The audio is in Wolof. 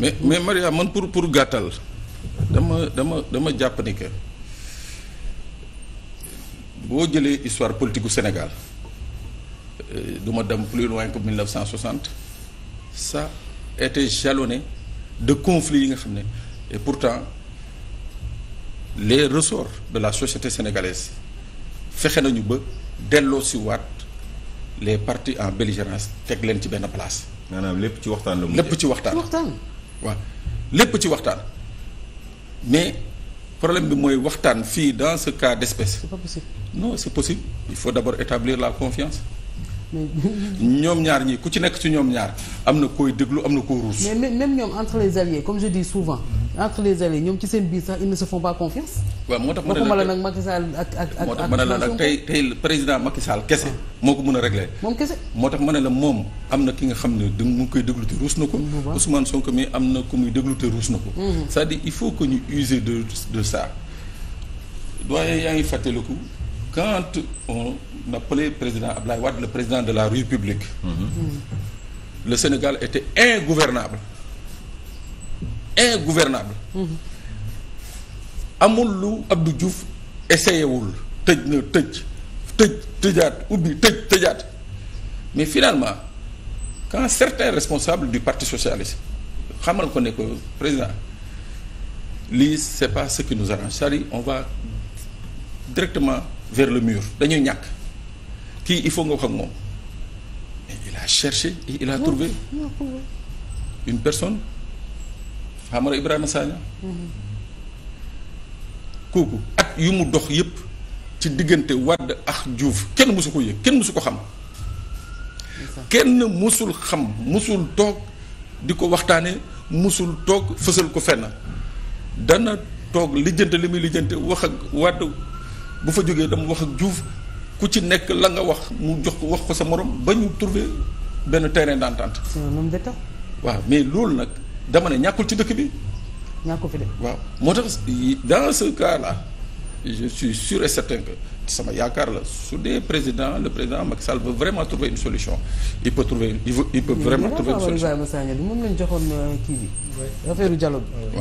mais mais Maria man pour pour gàttal dama dama dama jàpp que boo jëlee histoire politique gu Sénégal euh, du ma dem plus loin que 1960 ça était jalonné de conflits yi nga xam ne et pourtant les ressorts de la société sénégalaise fexe nañu ba delloo si waat les partis en belligérance teg leen ci benn place. maanaam lépp ci waxtaan la. lépp ci waxtaan. waaw lépp ci waxtaan mais problème bi mooy waxtaan fii dans ce cas d'espèce. c'est pas c'est possible il faut d'abord établir la confiance. ñoom ñaar ñi ku ci nekk ci ñoom ñaar am na koy déglu am na ko ruus. mais même ñoom entre les alliés comme je dis souvent. entre les alliés ñoom ci seen biir sax ils ne se font pas confiance. waaw moo tax mën na la nag Macky ak moo tax mën la tey tey président Macky Sall kese. Ah. moo ko mën a régler. moom kese moo tax mën na la moom am na ki nga xam ne da mu koy déglu te ruus na ko. Ousmane Sonko mi am na ku muy déglu te ruus na ko. Mhm. c'est-à-dire il faut que ñu user de sa ça. doyen yaa ngi fàttaliku quand on appelait président ab Ablaye Wade le président de la République. Mm le Sénégal était ingouvernable. ingouvernable amul lu abdu Diouf essayé wul tëj na tëj tëj tëjaat ubbi tëj tëjaat mais finalement quand certains responsables du parti socialiste xamal ko ne que président li c'est pas ce qui nous arrange cest à on va directement vers le mur dañuy ñàkk kii il faut nga wax moom mais il a cherché et il a trouvé une personne xam nga Ibrahima Sagna kooku at yu mu dox yépp ci diggante Wade ak Diouf kenn mosu ko yëg kenn mosu ko xam kenn mosul xam mosul toog di ko waxtaanee mosul toog fësal ko fenn dana toog lijjante li muy lijjante wax ak Wade bu fa jógee dama wax ak juuf ku ci nekk la nga wax mu jox ko wax ko sa morom ba ñu trouver benn terrain d'entente waaw mais loolu nag dama ne ñàkkul ci dëkk bi. ñàkkul fi de. waaw moo tax dans ce cas là je suis sur et certain que sama yaakaar la su dee président le président Macky Sall veut vraiment trouver une solution il peut trouver il veut il peut vraiment trouver une solution. moom lañ joxoon euh, kii bi. affaire dialogue bi.